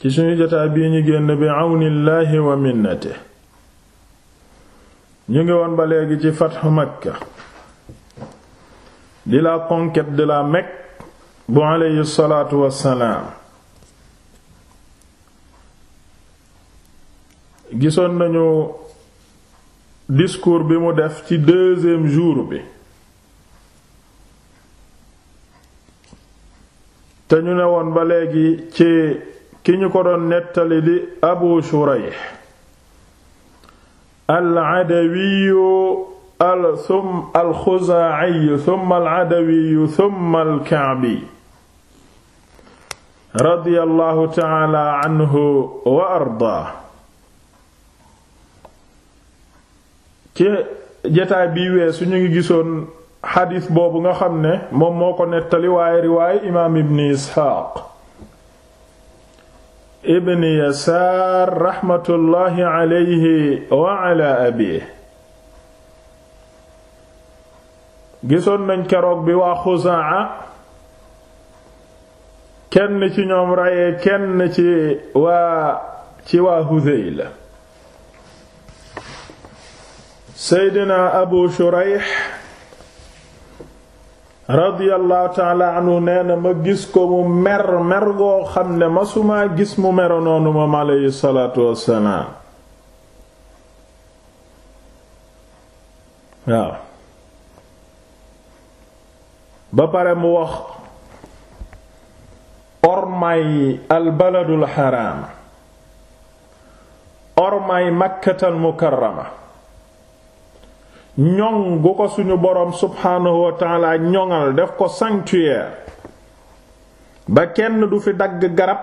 ci suñu jotaa bii ñu génn bi àwnillaahi wa minnate ñu ngi woon ba léegi ci fatxu makka di la conquête de la Mecque bu aleyhi salaatu wassalaam gisoon nañu discours bi mu def ci deuxième jour bi te ñu ne woon ba léegi ci ki ñu ko doon nettali li abu shurayh al-adawiyu al thum al-xuzaa'iyu al-adawiyu thumma al-ka'bi radiyallahu ta'ala anhu wa ardaa ci jataay bii weesu ñu ngi gisoon xadiis boobu nga xam ne moom moo ko nettali waaye riwaaye imaam ibn isxaaq ibn yasaar raxmatullahi alayhi wa ala abiihi gisoon nañ keroog bi waa xuzaa kenn ci ñoom reyee kenn ci waa ci waa hudayl seydina abu shurayh radiyallahu taala anhu nee ma gis ko mu mer mer goo xam ne masumaa gis mu mero noonu moom aleyhi salaatu wassalaam waaw ba pare mu wax ormay albaladul xaraam ormay makkatal mukarrama ñoŋ gu ko suñu boroom subhaanahu wa ñoŋal def ko sanctuaire ba kenn du fi dagg garab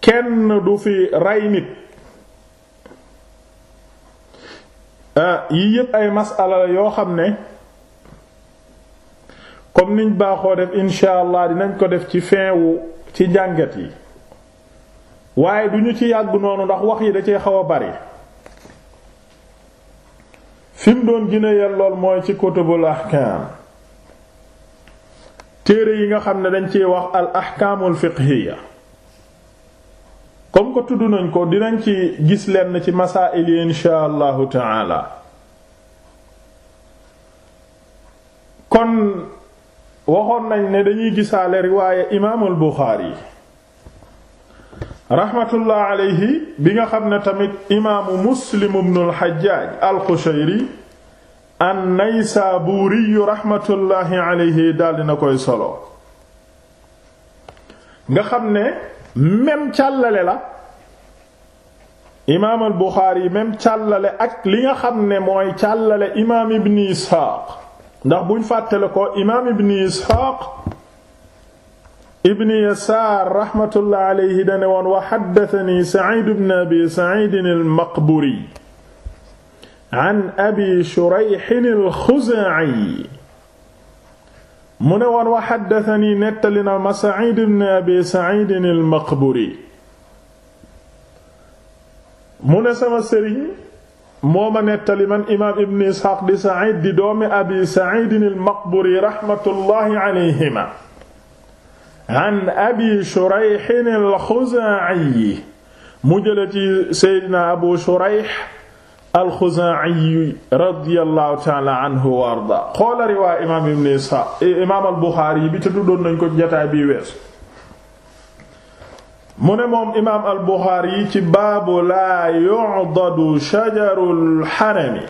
kenn du fi rey nit ah, yii yépp ay masala yoo xam ne comme niñ baaxoo def incha allah dinañ ko def ci fin wu ci njàngat yi waaye duñu ci yàgg noonu ndax wax yi da cee xaw a bari fi mu doon gën yellool mooy ci kutubul ahkaam téere yi nga xam ne dañ ci wax al ahkaamul fiqhiyya comme ko tudd nañ ko dinañ ci gis lenn ci masaa'il yi insha allahu taala kon waxoon nañ ne dañuy gisaale riwaaya imaamul yi rahmatullah alayhi bi nga xam ne tamit imaamu muslim ibnul xajjaaj alqushayri an naysaabuuri rahmatullahi alayhi daldi na koy solo nga xam ne même càllale la imaam al buxaari même càllale ak li nga xam ne mooy càllale imaam ibn isxaaq ndax buñ fàttale ko imaam ibn isxaaq ibn yasaar raxmatullah alayhi dane woon wa xaddatani saciid ibn abi saciidin al-maqburi an abi shurayxin al-xuzaaci mu ne woon wa xaddatani nettali na ma saciid ibn abi saciidin al-maqburi mu ne sama sëriñ moo ma nettali man imaam ibn isxaaq di saciid di doomi abi saciidin al-maqburi raxmatullahi alayhima an abi shurayh al-xuzaa'i mu jële ci seydina abu shurayh alxuzaa'i radiyallahu taala anhu wa arda xoola riwaay imaam ibn isxaaq imaam albuxaari yi bi te tuddoon nañ ko jataay bii weesu mu ne moom imaam albuxaari yi ci baabu laa yu'dadu shajarul xarami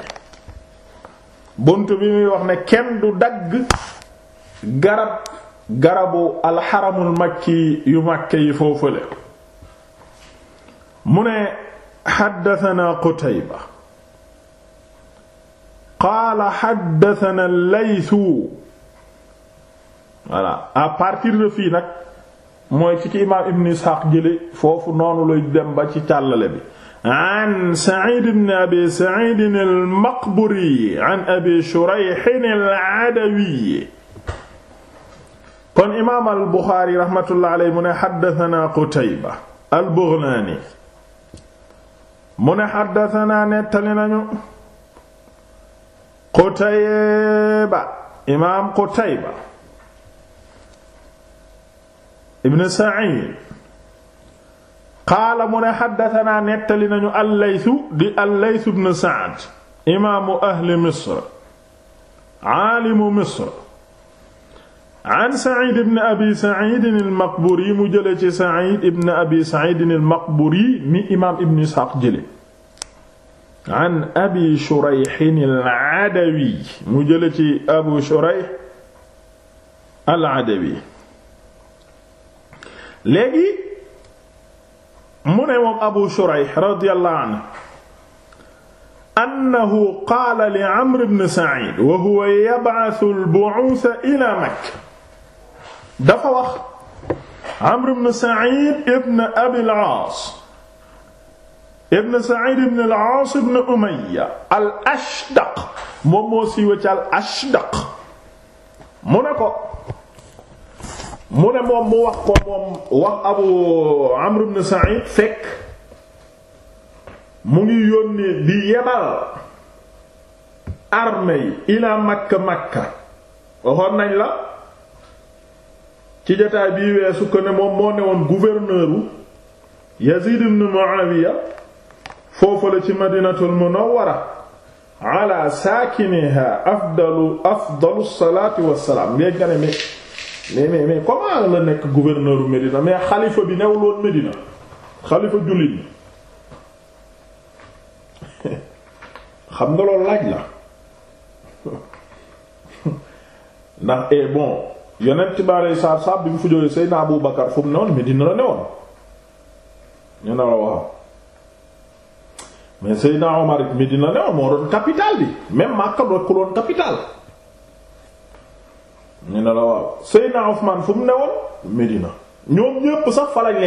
bunt bi muy wax ne kenn du dagg garab garabu alxaramul makki yu màkke yi foofale mu ne xaddatanaa qutayba qaala xaddatanaa laytu voilà à partir de fii nag mooy ci ki imaam ibn isxaaq jële foofu noonu lay dem ba ci càllale bi an Saciid ibn abi Saciid al-Maqburi an abi Shurayh al-Adawi kon imaam al buxaari raxmatullahi alayhi mu ne xaddatanaa qutayba al bughlaani mu ne xaddatanaa nettali nañu qutayba imaam qutayba ibn sa'id qaala mu ne xaddatanaa nettali nañu allaytu di allaytu ibn sa'd imaamu ahli misr aalimu misr an Saïd ibn Abi Saïd al-Maqburi mu jëlee ci Saïd ibn Abi Saïd al-Maqburi mi imaam Ibn Isxaaq jëlee. an Abi Shurayh al-Adawi mu jëlee ci Abu Shurayh al-Adawi léegi mu ne moom Abu Shurayh radiyallahu anhu annahu qaala li Amr ibn Saïd wa huwa yab'athu al-bu'uutha ilaa Makka dafa wax Amr ibn Sa'id ibn Abi al-Aas ibn Sa'id ibn al-Aas ibn Umayya al-Ashdaq moom moo siiwe ci al-Ashdaq mu ne ko mu ne moom mu wax ko moom wax Abu Amr ibn Sa'id fekk mu ngi yónnee di yebal armée ila Makka Makka waxoon nañ la ci jotaay bii weesu ko ne moom moo newoon gouverneur u Yazid ibn Muawiya foofu la ci madinatul munawwara ala saakiniha afdalu afdalu salaati wassalaam léegi nga ne mais mais mais comment la nekk gouverneur u mais xalifa bi newul woon Médina xalifa jullit ñi xam nga loolu laaj la ndax eh bon yonent bi aleyhi salaatu salaam bi mu fi jógee Seydina Abu Bakar fu mu ne woon Medina la ne woon ñu ne la waaw mais Seydina Omar ne woon moo fu mu ne woon Medina ñoom ñépp sax fa lañ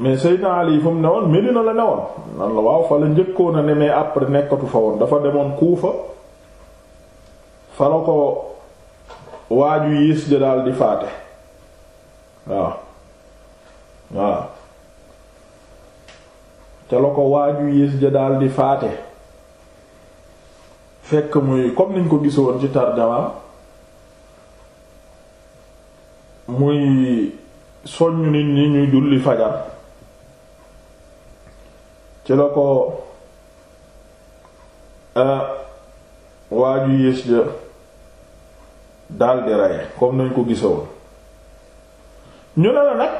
mu ne woon la ne woon nan la waaw fa njëkkoon a ne mais après nekkatu fa woon dafa demoon Kuufa fa la ko waaju yiis ja daal di faate waaw waaw ca la ko waaju yiis ja daal di faate fekk muy comme niñ ko gisoon ci tarjama muy soññ nit ñi ñuy julli fajar ci la ko eh, waaju yiis ja daal di rey comme nañ ko gisoon ñu ne na nag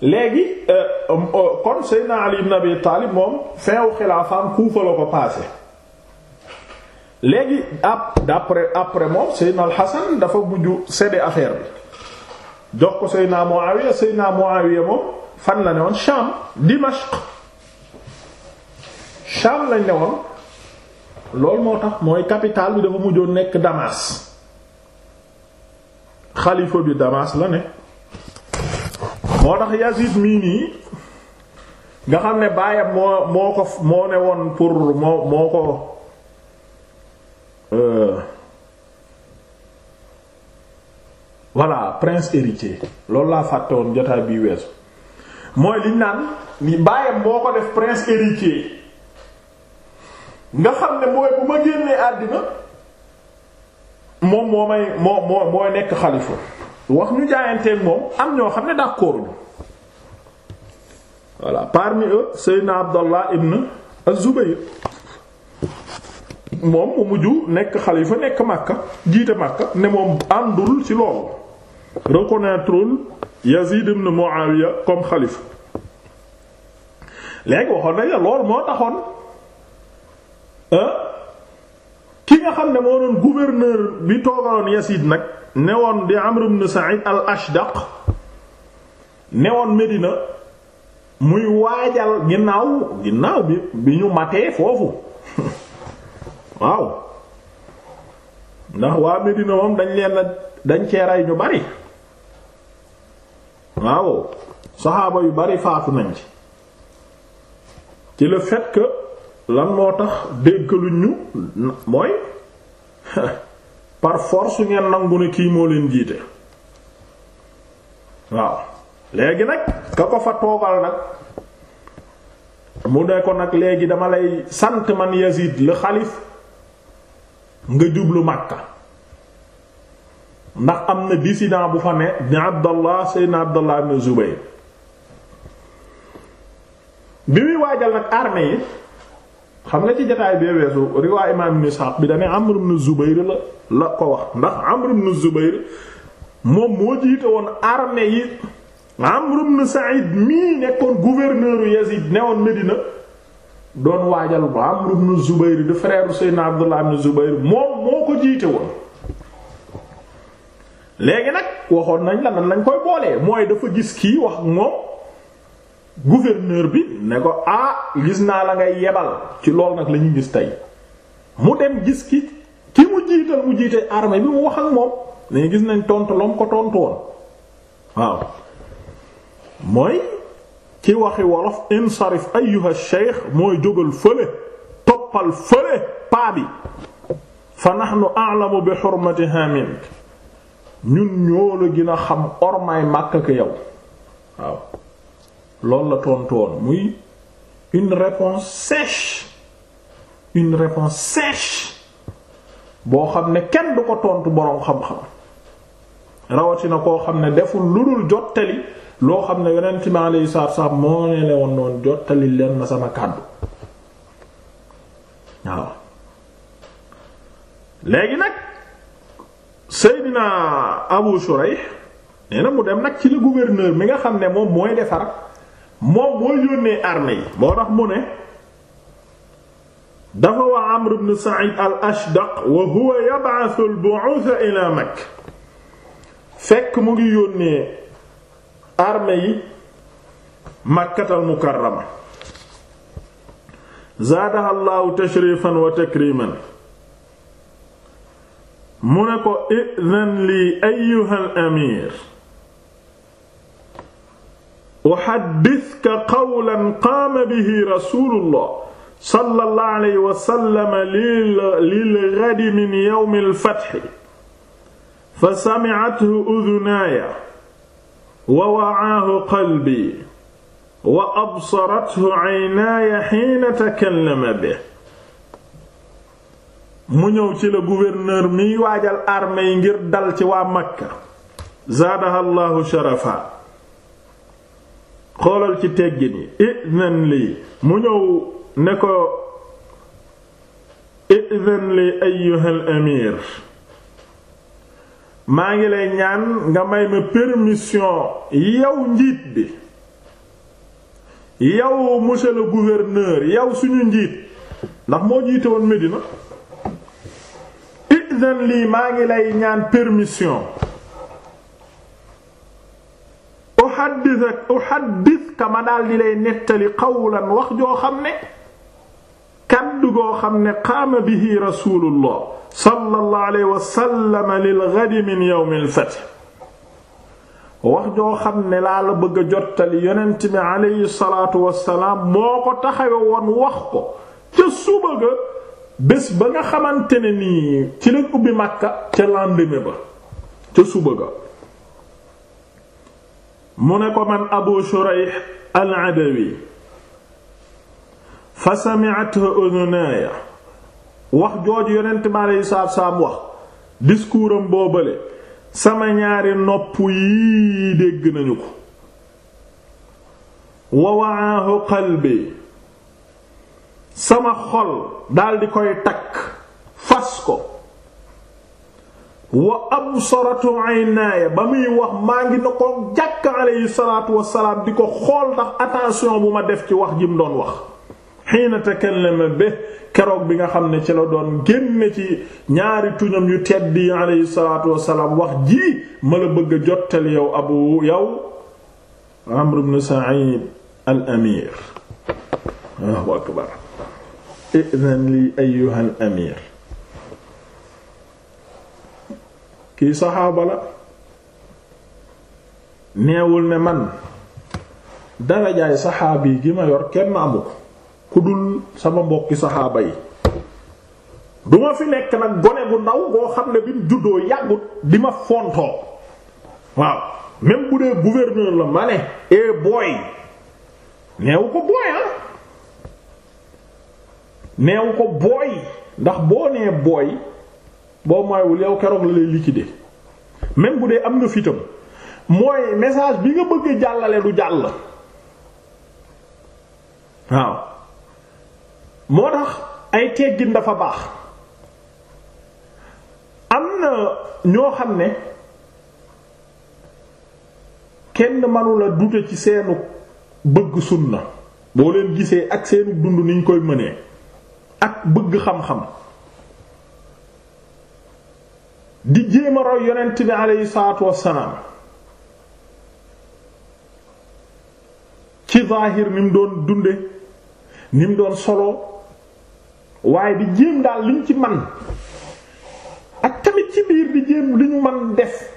léegi euh, um, euh, kon Seydina Ali ibn Abi Taalib moom feew xilaafaam Kuufa la ko paase léegi ap après moom Seydina Al Hasan dafa mujj séddee affaire bi jox ko Seydina Muawiya Seydina Muawiya moom fan la ne woon Sham Dimashq Sham lañ ne woon loolu moo tax mooy capital bi dafa mujjoon nekk Damas xalifa bi Damas la ne moo tax Yazid mii nga xam ne baayam moo moo ko moo ne woon pour moo moo ko euh, voilà prince héritier loolu laa fàtte woon jotaay bii weesu mooy liñ naan ni moo ko def prince héritier nga xam ne mooy bu ma génnee àddina moom moo may moo moo mooy nekk xalifa wax ñu jaayanteeg moom am ñoo xam ne d'accord ñu voilà parmi eux Seydina Abdallah ibn az moom mu mujj nekk xalifa nekk Makka jiite Makka ne moom àndul ci loolu reconnaîtrewul Yazid ibn Muawiya comme xalifa léegi waxoon nañ loolu moo taxoon. ki nga xam ne moo doon gouverneur bi toogaloon Yasid nag newoon di Amr ibn Sa'id al-Ashdaq newoon Medina muy waajal ginnaaw ginnaaw bi bi ñu matee foofu waaw ndax waa Medina moom dañ leen dañ ceeray ñu bari waaw saxaaba yu bari faatu nañ ci ci le fait lan moo tax déggaluñ mooy par force ngeen nangu ne kii moo leen jiite waaw léegi nag ka ko fa toogal nag mu ne ko nag léegi dama lay sant man Yazid le xalif nga jublu Makka ndax am na dissident bu fa ne ni Abdallah Seydina Abdallah bi muy waajal nag armée yi xam nga ci jotaay bee weesu riwaa imaam ibn Isxaaq bi dane Amr ibn Zubayr la la ko wax ndax Amr ibn Zubayr moom moo jiite woon armée yi Amr ibn Sa'id mii nekkoon gouverneur Yazid newoon Medina doon waajal ba Amr ibn Zubayr di frère Seydina Abdullah ibn Zubayr moom moo ko jiite woon léegi nag waxoon nañ la nan lañ koy boolee mooy dafa gis kii wax moom gouverneur bi ne ko ah gis naa la ngay yebal ci lool nag la ñu gis tey mu dem gis ki ki mu jiital mu jiite armée bi mu wax ak moom ne gis nañ tontu loom ko tontu woon waaw mooy ci waxi wolof insarif ayyuha shaykh mooy jógal fële toppal fële paa bi fa nahnu a'lamu bi hurmatiha mink ñun ñoo la gën a xam ormaay Makka ko yow waaw loolu la tontoon muy une réponse sèche une réponse sèche boo xam ne kenn du ko tontu boroom xam-xam rawatina koo xam ne deful lu dul jottali loo xam ne yonent mi alayhi salaatu salaam moo ne le woon noonu jottali leen ma sama kàddu waaw léegi nag Seydina Abu Shuraih nee na mu dem nag ci le gouverneur mi nga xam ne moom mooy defar moom mooy yónnee armée yi moo tax mu ne dafa wax Amr ibn Sa'id al-Ashdaq wa huwa yab'athu al-bu'utha ila Makka fekk mu ngi yónnee armée yi Makkatal Mukarrama zaadaha Allahu tashrifan wa takriman mu ne ko i'dhan li ayyuha al uxaddithuka qawlan qaama bihi rasuulullah sallallahu alayhi wa sallam lil ghadi min yawmi al-fathi fa sami'athu udhunaaya wa wa'aahu qalbi wa absarathu aynaaya hiina takallama bihi mu ñëw ci la gouverneur miy waajal armée yi ngir dal ci waa Makka zaadaha Allahu sharafa xoolal ci teggin yi izan lii mu ñëw ne ko izan lii ayyuhal amir maa ngi lay ñaan nga may ma permission yow njiit bi yow monsieur le gouverneur yow suñu njiit ndax moo jiite woon Médina izan lii maa ngi lay ñaan permission uhaddithak uhaddithka ma daal di lay nettali qawlan wax joo xam ne kaddu goo xam ne qaama bihi rasulullah sallallahu alayhi wa sallam lil ghadi min yawm al fath wax joo xam ne laa la bëgg a jottali yonent bi alayhi salaatu wassalaam moo ko taxawe woon wax ko ca suba ga bés ba nga xamante ne nii ci lañ ubbi Makka ca lendemain ba ca suba ga mu ne ko man abu shurayh al-adawi fa sami'athu udhunaya wax jooju yonent bi aleyhi salaatu salaam wax discours boobale sama ñaari nopp yii dégg nañu ko wa wa'ahu qalbi sama xol daldi koy takk wa absaratu aynaaya ba muy wax maa ngi na ko jàkk alayhi salaatu wassalaam di ko xool ndax attention bu ma def ci wax ji mu doon wax xiina takallama be keroog bi nga xam ne ci la doon génne ci ñaari tuñam yu tedd yi alayhi salaatu wassalaam wax ji ma la bëgg a jottali yow abu yow amr ibn sa'id al amir waaw akbar idan li ayyuha al amir kii saxaaba la neewul ne man darajaay saxaaba yi gi ma yor kenn amu ku dul sama mbokki saxaaba yi du ma fi nekk nag gone bu ndaw boo xam ne bi mu juddoo yàggut di ma fontoo waaw même bu dee gouverneur la ma ne eh booy neewu ko booy ah. neewu ko booy ndax boo nee booy boo mooywul yow keroog la lay liquider même bu dee am nga fitam mooy message bi nga bëgg a jàllale du jàll waaw moo tax ay teggin dafa baax am na ñoo xam ne kenn manula dute ci seenu bëgg sunna boo leen gisee ak seenu dund niñ koy mënee ak bëgg xam-xam di jéem a roy yonent bi aleyhi salaatu wassalaam ci zaahir ni mu doon dunde ni mu doon solo waaye di jéem daal liñ ci man ak tamit ci biir di jéem li man def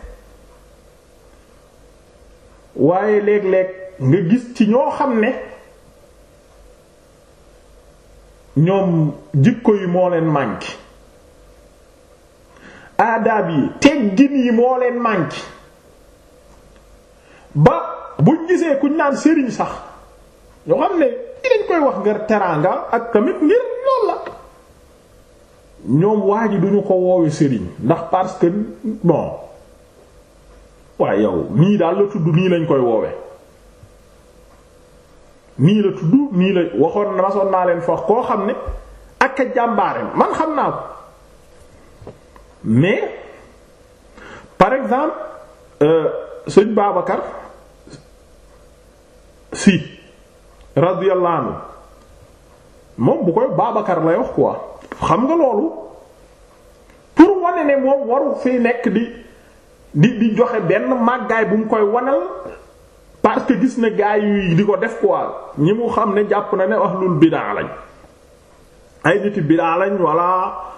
waaye léeg-léeg nga gis ci ñoo xam ne ñoom jikko yi moo leen manqué aadaab yi teggin yi moo leen manqué ba buñ gisee kuñ naan sëriñ sax ñoo xam ne di dañ koy wax nga teraanga ak tamit ngir lool la ñoom waa ji duñu ko woowe sëriñ ndax parce que bon waaye yow nii daal la tudd nii lañ koy woowe nii la tudd nii la waxoon na masoon naa leen fa koo xam ne ak a jàmbaare man xam naa ko mais par exemple euh, sëñ baabakar si radiyallahu anhu moom bu koy Babacar lay wax quoi xam nga loolu pour wane ne moom waru fi nekk di di di joxe benn màggaay bu mu koy wanal parce que gis na gaay yi di ko def quoi ñi mu xam ne jàpp na ne wax bidaa lañ ay niti bidaa walla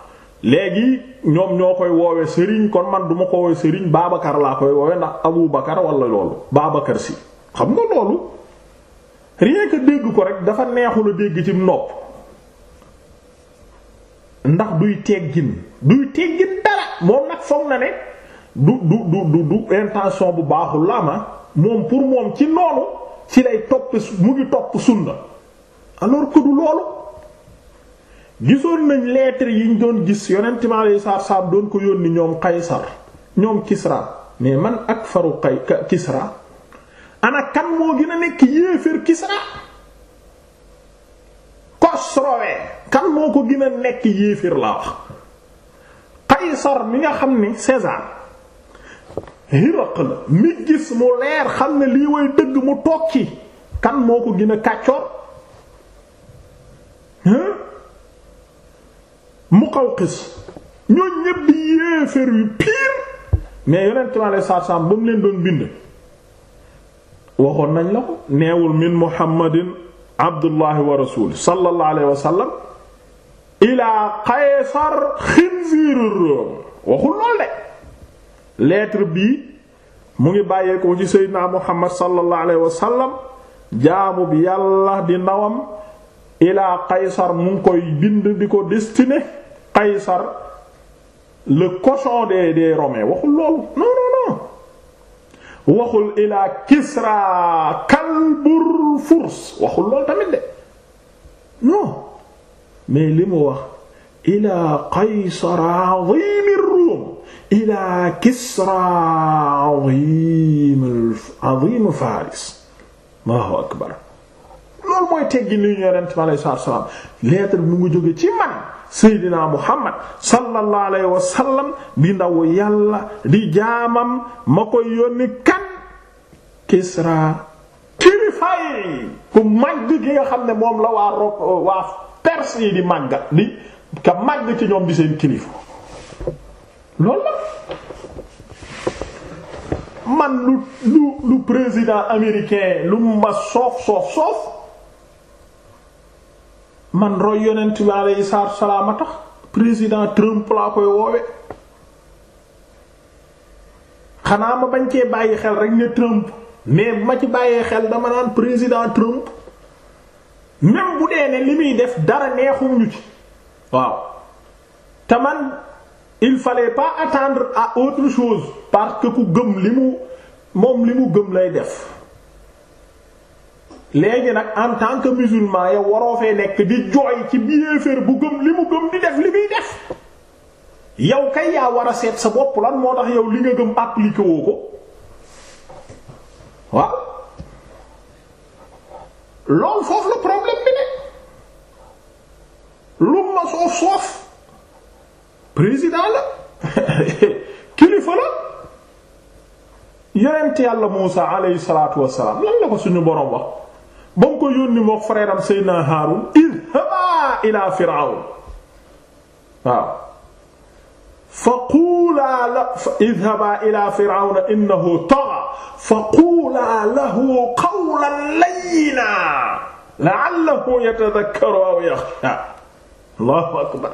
léegi ñoom ñoo koy woowe sëriñ kon man duma ko woowe sëriñ Babacar laa koy woowe ndax Abu Bakar wala loolu Babacar si xam nga loolu rien dégg ko rek dafa neexul a dégg ci nopp ndax duy teggin duy teggin dara moom nag foog na ne du du du du intention bu baaxul la ma moom pour moom ci noonu ci lay topp mu ngi topp sunna alors que loolu gisoon nañ yi ñu doon gis yonent yi alayhi salaam doon ko yónni ñoom Qaysar ñoom Kisra mais man ak faru Qay Kisra ana kan moo gën a nekk yéeféer Kisra Khosrowe kan moo ko gën a nekk yéeféer laa wax Qaysar mi nga xam ni César Hiraql la mi gis mu leer xam ne lii way dëgg mu toog tokki kan moo ko gin a kàccoor Muqawqis ñooñu ñëpp di yéeféer yu pire mais yonent ma lay sarsam ba mu leen doon bind waxoon nañ la ko neewul min Muhammadin abdullahi wa rasuli sallallahu wa sallam ila Qaysar xinziiru Rum waxul lool de lettre bii mu ngi bàyyeekoo ci Seydina Muhammad sallallahu alayhi wa sallam jaamu bi yàlla di ndawam ilaa Qaysar mu ngi koy bind di ko destiné Qaysar le cochon des des Romains waxul loolu non non non waxul ilaa Kisra kalbur furs waxul loolu tamit de non mais li mu wax ilaa Qaysar azim ar-Rum ilaa Kisra azim azim Faris Allahu akbar loolu mooy teggi ni yonent bi alayhi salaatu wa salaam lettre bi mu ngi jóge ci man seydina muhammad sallallahu alayhi wa sallam ndaw yàlla di jaamam ma koy yónni kan kisra kilifaay ku màgg gi nga xam ne moom la waa rok waa perse yi di màgga di ka màgg ci ñoom di seen kilifa loolu la man lu lu lu président américain lu ma soof soof soof man roy yonent bi aleyhi salaatu wa salaam a tax président Trump laa koy woowe xanaa ma bañ cee bàyyi xel rek ne Trump mais ma ci bàyyee xel dama naan président Trump même bu dee ne li muy def dara neexum ñu ci waaw te man il fallait pas attendre à autre chose parce ku gëm li mu moom li mu gëm lay def léegi nag en tant que musulman yow waroo fee nekk di jooy ci biéeféer bu gëm li mu gëm di def li muy def yow kay yaa war a seet sa bopp lan moo tax yow li nga gëm appliqué woo ko waaw loolu foofu la problème bi ne lu ma soof soof président la kilifa la yonent yàlla Muusa alayhi salaatu wassalaam lan la ko suñu boroom wax ba mu ko yónni moo frère am Seydina Haarun idhaba ila Fir'awn waaw fa quulaa la idhaba ila Fir'awna innahu tagha fa quulaa lahu qawlan layyinan la'allahu yatadhakkaru aw yakhsha Allahu akbar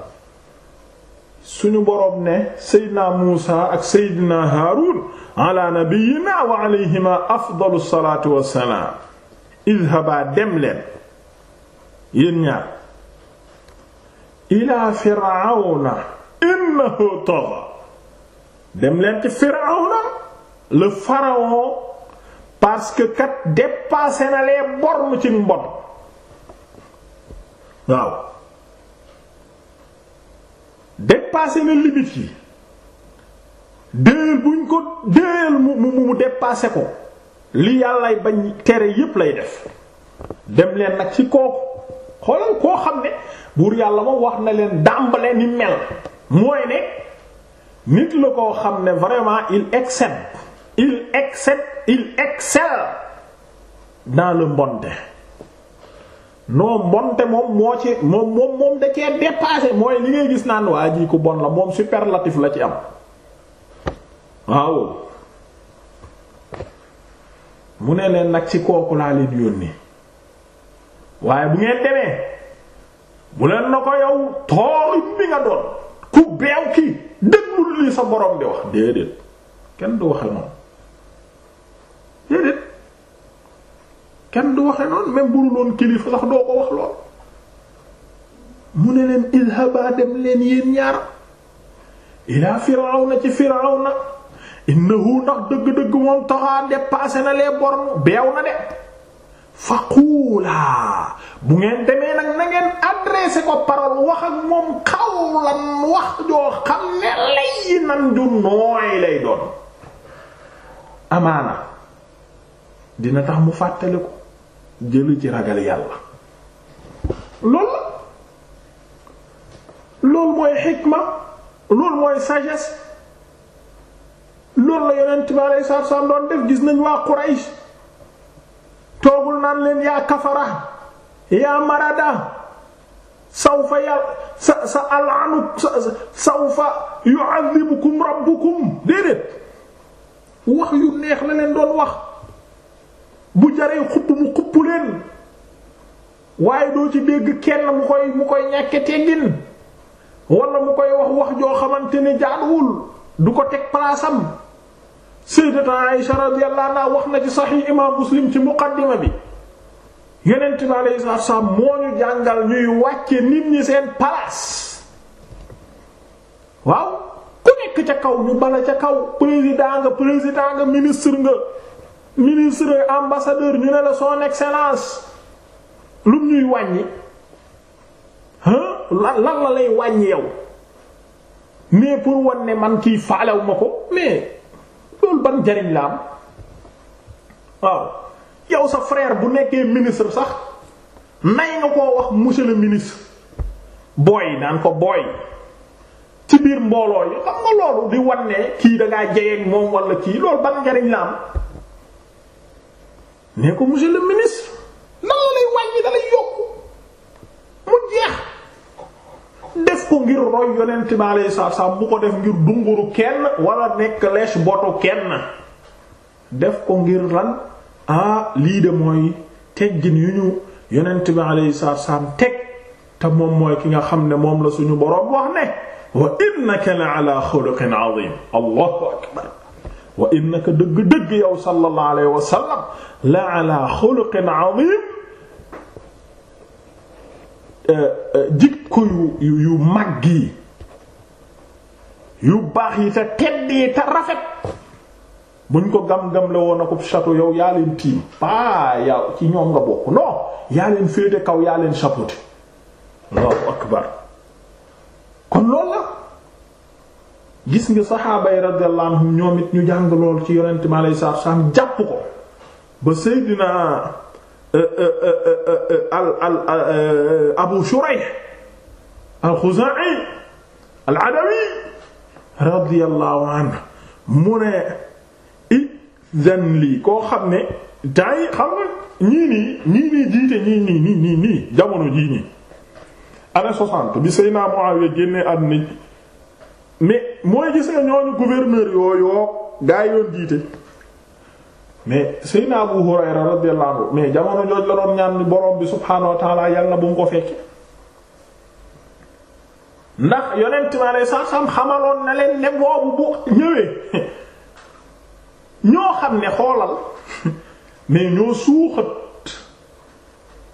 suñu boroom ne Seydina Muusa ak Seydina Haarun ala nabiyyina wa alayhima afdalu salaatu wassalaam idhabaa dem leen ñaar ilaa firawna innahu tagha dem leen ci firawna le pharaon parce que na les bornes ci mbon waaw dépassé na limite yi déel buñ ko déel mu mu mu ko li yàllaay bañ tere yépp lay def dem leen nag ci kooku xoolal koo xam ne buur yàlla moom wax na leen dàmbale ni mel mooy ne nit la koo xam ne vraiment il excelle il excelle il excelle dans mbonte non mbonte moom moo ci moom moom moom da cee dépassé mooy li ngay gis naan waa ji ku bon la moom superlatif la ci am waaw mu ne leen nag ci kooku laa leen yónni waaye bu ngeen demee mu leen na ko yow toolim bi nga doon ku beew ki déglul li sa borom di wax déedéet kenn du waxe noonu déedéet kenn du kilifa sax doo ko wax lool mu ne leen idhaba dem leen yéen ñaar ila firawna ci firawna innahu ndax dëgg-dëgg moom taxaa dépassé na les bornes beew na de faquulaa bu ngeen demee nag na ngeen ko parole wax ak moom xawlan wax joo xam ne lay nan ju nooy lay doon amaana dina tax mu fàttali ko jël ci ragal yàlla loolu loolu mooy xikma loolu mooy sagesse loolu la yonent bi alayhi salaatu def gis nañ waa Quraysh toogul naan leen yaa kafara yaa marada sawfa ya sa sa alaanu sawfa yu'adhibukum rabbukum déedéet wax yu neex la leen doon wax bu jaree xupp mu xupp leen waaye doo ci dégg kenn mu koy mu koy ñàkke teggin wala mu koy wax wax joo xamante ne jaaduwul du ko teg palaasam sayyidatu Aisha radiyallahu anha wax na ci sahih imam Muslim ci muqaddima bi yonent bi alayhi salaatu salaam moo ñu jàngal ñuy wàcce nit ñi seen place waaw ku nekk ca kaw ñu bala ca kaw président nga président nga ministre nga ministre ambassadeur ñu ne la son excellence lum ñuy wàññi lan lan la lay wàññi yow mais pour wan ne man kii faalew ko mais loolu ban njariñ la waaw yow sa frère bu nekkee ministre sax nay nga koo wax monsieur le ministre booy naan ko booy ci biir mbooloo yi xam nga loolu di wan kii da ngaa moom wala kii loolu ban njariñ la ne ko monsieur le ministre nan lay wàññi da lay yokku mu jeex. def ko ngir roy yonent bi alayhi salaatu salaam bu ko def ngir dunguru kenn walla nekk lees botu kenn def ko ngir lan ah lii de mooy teggin yu ñu yonent bi alayhi salaatu salaam teg te moom mooy ki nga xam ne moom la suñu boroom wax ne wa innaka la ala xuluqin azim akbar wa innaka dëgg-dëgg yow sallallahu alayhi wa sallam la ala xuluqin azim Euh, euh, jikko yu yu màgg yi yu baax yi te tedd yi te rafet buñ ko gam-gam la woon akub château yow yaa leen tiim paa yaw ci ñoom nga bokk non yaa leen féete kaw yaa leen chapeauté allahu akbar kon loolu la gis nga saxaaba yi radiyallahu anhum ñoom it ñu jàng lool ci yonent mi alayhi salaatu wa jàpp ko ba Seydina Euh, euh, euh, al al Abu Shurayh al-Khuzaa'i al-Adawi radiyallahu anhu mu ne idan lii koo xam ne temps yi xam nga ñii nii ñii nii jiite ñii nii nii nii nii jamono jii nii année soixante bi Seydina Muawiya génne àdduna mais mooy gis nga ñooñu gouverneur yooyu yoo yoon jiite mais Seydina Abu Hurayra radiyallahu anhu mais jamono jooj la doon ñaan borom bi subhaanahu wa ta'ala yàlla bu mu ko fekke ndax yonent ma lay sax xam xamaloon na leen ne boobu bu ñëwee ñoo xam ne xoolal mais ñoo suuxat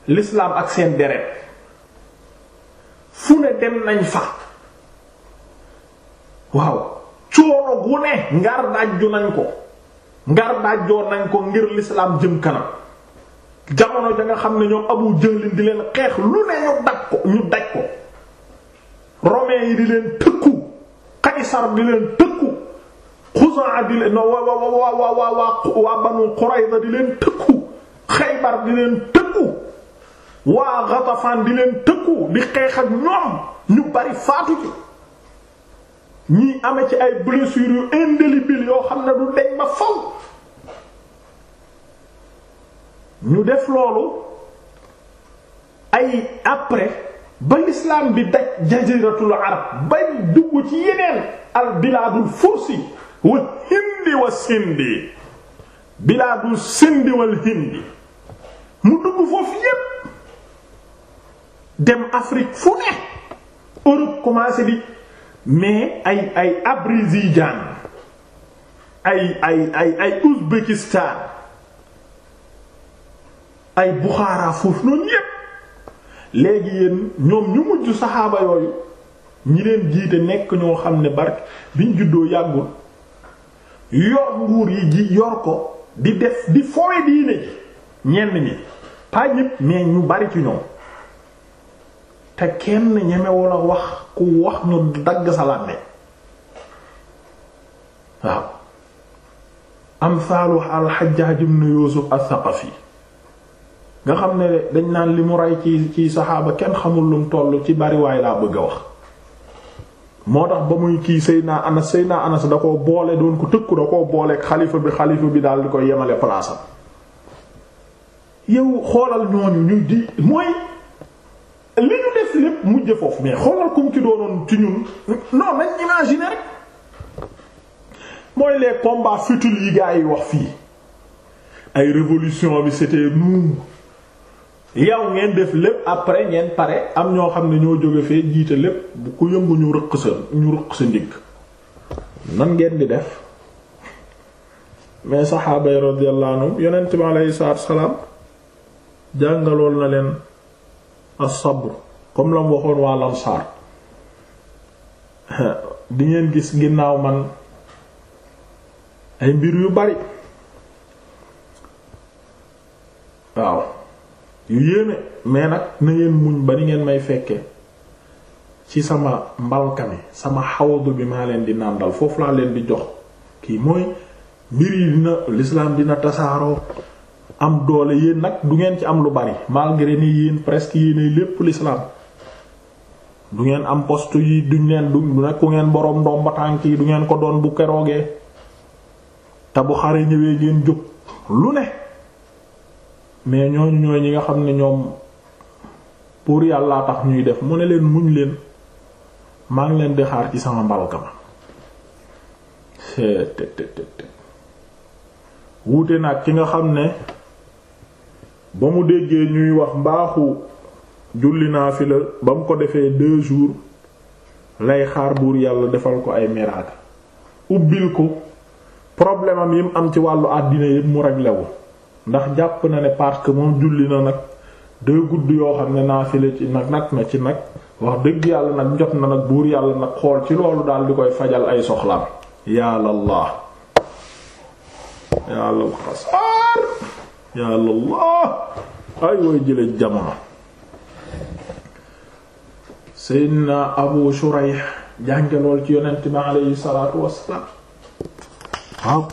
lislaam ak seen deret fu ne dem nañ fa waaw coono gu ne ngar dajju nañ ko ngar bàjjoo nañ ko ngir lislaam jëm kanam jamono ja nga xam ne ñoom abu jëlin di leen xeex lu ne ñu daj ko ñu daj ko romain yi di leen tëkku kaysar di leen tëkku xusaa di leen waa waa waa waa banu qurayza di leen tëkku xaybar di leen tëkku waa ghatafan di leen tëkku di xeex ñoom ñu bari faatu ci ñii ame ci ay blessures yu indélébiles yoo xam ne du deñ ba faw ñu def loolu ay après ba l'islam bi daj jaziratul arab bay dugg ci yeneen al bilaadul fursi wa hindi wa sindi bilaadul sindi wal hindi mu dugg foofu yépp dem Afrique fu ne Europe commencé bi mais ay ay Abrizijaan ay ay ay ay Ouzbékistan ay Bukhara foofu noonu yépp léegi yéen ñoom ñu mujj saxaaba yooyu ñi leen jiite nekk ñoo xam ne bark biñ juddoo yàggul yor nguur yi ji yor ko di def di foowe diine ji ñenn ñi pas ñépp mais ñu bari ci ñoom te kenn ñemewul a wax ku wax ñu dagg sa làmmiñ waaw amsaalu al-Hajjaj ibn Yusuf al-Thaqafi nga xam ne dañ naan li mu rey ci ci saxaaba kenn xamul lum toll ci bariwaay laa bëgg a wax moo tax ba muy kii Seydina Anas Seydina Anas da ko boole doon ko tëkku da koo booleeg xalifa bi xalifa bi daal di koy yemale palaasam yow xoolal ñooñu ñu di mooy li ñu def lépp mujj foofu mais xoolal kum ci doonoon ci ñun non nañ imaginer rek mooy les combats futiles yi gars yi wax fii ay révolution bi c'était nous yow ngeen def lépp après ngeen pare am ñoo xam ne ñoo jóge fee jiite lépp bu ku yëngu ñu rëq sa ñu nan ngeen di def mais saxaaba yi radiyallahu anhum yonent bi alayhi salaatu jàngalool na leen as-sabr comme la mu waxoon waa lansaar di ngeen gis ginnaaw man ay mbir yu bari waaw yu yéeme mais nag na ngeen muñ ba ni ngeen may fekke ci sama mbalkami sama xawdu bi maa leen di nàndal foofu laa leen di jox kii mooy mbir yi dina l'islam dina tasaaroo am doole yéen nag du ngeen ci am lu bari malgré ni yéen presque yéenay lépp l'islam du ngeen am poste yi duñ leen du nekku ngeen boroom ndomba tànk yi du ngeen ko doon bu keroogee te bu xare ñëwee ngeen jóg lu ne mais ñooñu ñooy ñi nga xam ne ñoom pour yàllaa tax ñuy def mu ne leen muñ leen maa ngi leen di xaar ci sama mbalka ma wuute nag ki nga xam ne ba mu déggee ñuy wax mbaaxu julli naafila ba mu ko defee deux jours lay xaar buur yàlla defal ko ay miracle ubbil ko problème am yi mu am ci wàllu àddina yépp mu réglé wu ndax jàpp na ne parce moom julli na nag deux gudd yoo xam ne naafila ci nag nag na ci nag wax dëgg yàlla nag jot na nag buur yàlla nag xool ci loolu daal di koy fajal ay soxlaam yàlla la yàlla xasaar yàlla allah ay way jële jamono seydna abu shurayh jànge ci yonent bi aleyhi salaatu wassalaam waaw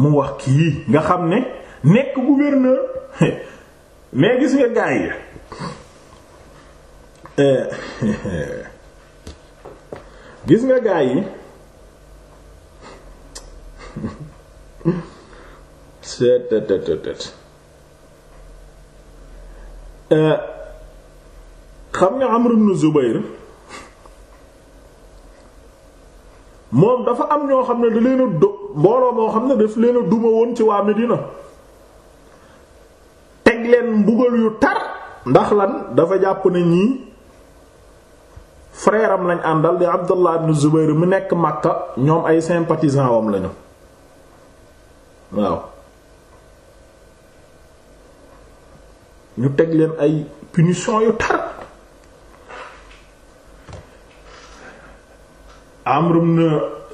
mu wax kii nga xam ne nekk gouverneur mais gis nga gaay yi eh. gis nga gaay yi seet eh, xam nga Amr ibn Zubayr moom dafa am ñoo xam ne da leen a du mbooloo moo xam ne daf leen a duma woon ci waa Medina teg leen mbugal yu tar ndax lan dafa jàpp ne ñii frère am lañ àndal di Abdallah ibn Zubayr mu nekk Makka ñoom ay sympathisant wam lañu waaw ñu teg leen ay punition yu tar Amr ibn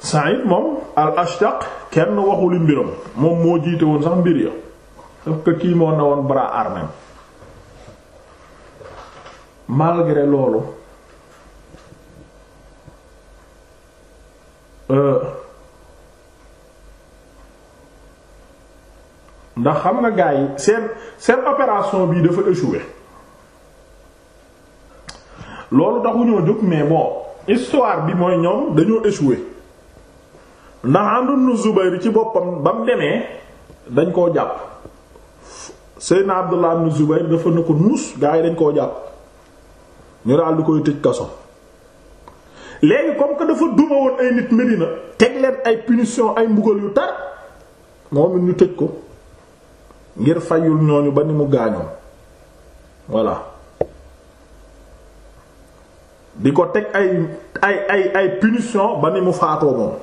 Sa'id moom al ashdaq kenn waxuli mbiram moom moo jiite woon sax mbir ya sauf que kii moo ne woon bras armé malgré loolu euh, ndax xam nga gaa yi seen seen opération bii dafa échoué loolu taxu ñoo jóg mais bon histoire bi mooy ñoom dañoo échoué ndax àndunu Zubayr ci boppam bam mu demee dañ koo jàpp Seydina Abdullah ibn Zubayr dafa na ko nuus gars yi dañ koo jàpp ñu daal di koy tëj kaso léegi comme que dafa duma woon ay nit Medina teg leen ay punition ay mbugal yu tar moom it ñu tëj ko ngir fayul ñooñu ba ni mu gaañoon voilà di ko teg ay ay ay ay punition ba ni mu faatoo moom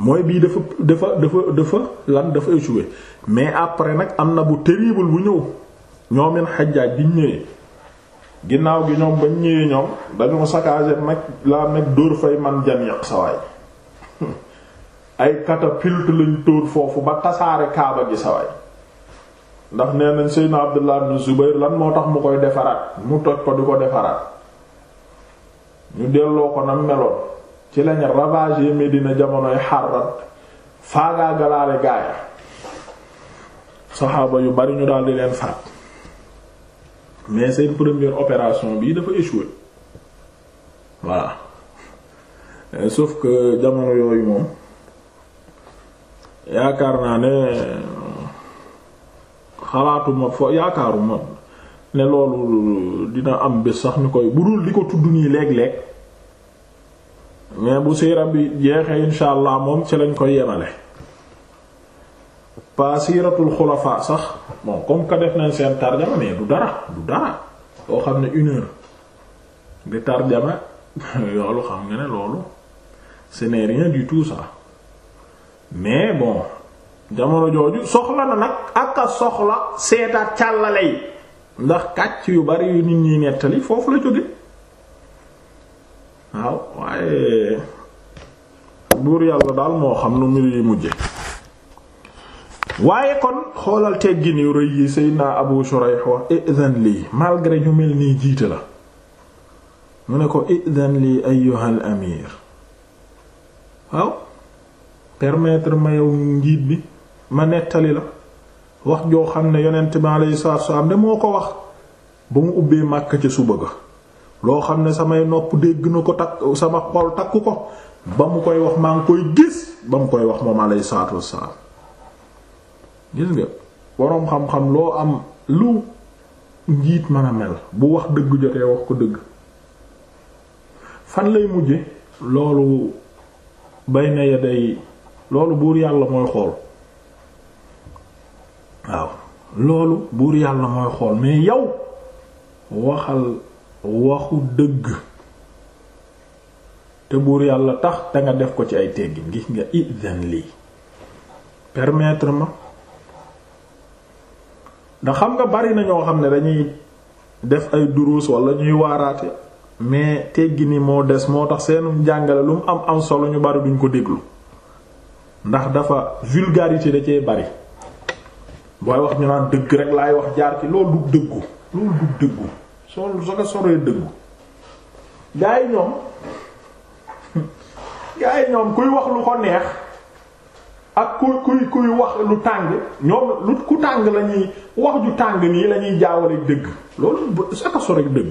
mooy bii dafa dafa dafa dafa lan dafa échoué mais après nag am na bu terrible bu ñëw ñoomin xajjaaj bi ñëwee ginnaaw gi ñoom bañ ñëwee ñoom dañoo saccagé nag laa nekk dóor fay man jan yàq sawaay ay catapulte lañ tóor foofu ba tasaare kaaba gi saway ndax nee nañ seydna Abdullah ibn Zubayr lan moo tax mu koy defaraat mu toj ko di ko defaraat ñu delloo ko nam meloon ci lañ ravagé Médina jamonoy xarrat faagaa galaale gaaya saxaaba yu bari ñu daal di leen faat mais seen première opération bii dafa échoué voilà sauf que jamono yooyu moom yaakaar naa ne xalaatuma fo yaakaaruma ne loolu dina am bés sax ñu koy bu dul di ko tudd nii léeg-léeg mais bu siira bi jeexee insha allah moom ci lañ koy yemale pas siiratul xulafaa sax bon comme que def nañ seen tarjama mais du dara du dara loo xam ne une heure de tarjama loolu xam nga ne loolu ce du tout ça mais bon jamono jooju soxla na nag ak a soxla seetaat càllale yi ndax kàcc yu bari yu nit ñi nettali foofu la jóge waaw waaye buur yàlla daal moo xam nu mbir yi mujje waaye kon xoolal teggin yu rëy yi Seydina Abu Shurayh wax izan lii malgré ñu mel nii jiite la mu ne ko izan lii ayyuhal amir waaw permettre ma yow njiit bi ma nettali la wax joo xam ne yonent bi alayhi salaatu salaam de moo ko wax ba mu ubbee màkk ca suba ga loo xam ne samay nopp dégg na ko takk sama xol takk ko ba mu koy wax maa ngi koy gis ba mu koy wax moom alayhi salaatu wassalaam gis nga boroom xam-xam loo am lu njiit man a mel bu wax dëgg jotee wax ko dëgg fan lay mujje loolu bay na ya day loolu buur yàlla mooy xool waaw loolu buur yàlla mooy xool mais yow waxal waxu dëgg te buur yàlla tax danga def ko ci ay teggin gis nga idan lii permettre ma ndax xam nga bari na ñoo xam ne dañuy def ay duruus wala ñuy waaraate mais teggi ni moo des moo tax seenum jàngale lu mu am am solo ñu bari duñ ko déglu ndax dafa vulgarité da cee bari booy wax ñu naan dëgg rek laay wax jaar ci loolu du dëggu loolu du dëggu soo soo ko soree dëggu gaa yi ñoom gaa yi ñoom kuy wax lu ko neex ak kuy kuy kuy wax lu tàng ñoom lu ku tàng lañuy wax ju tàng nii lañuy jaawale dëgg loolu soo ko soree dëgg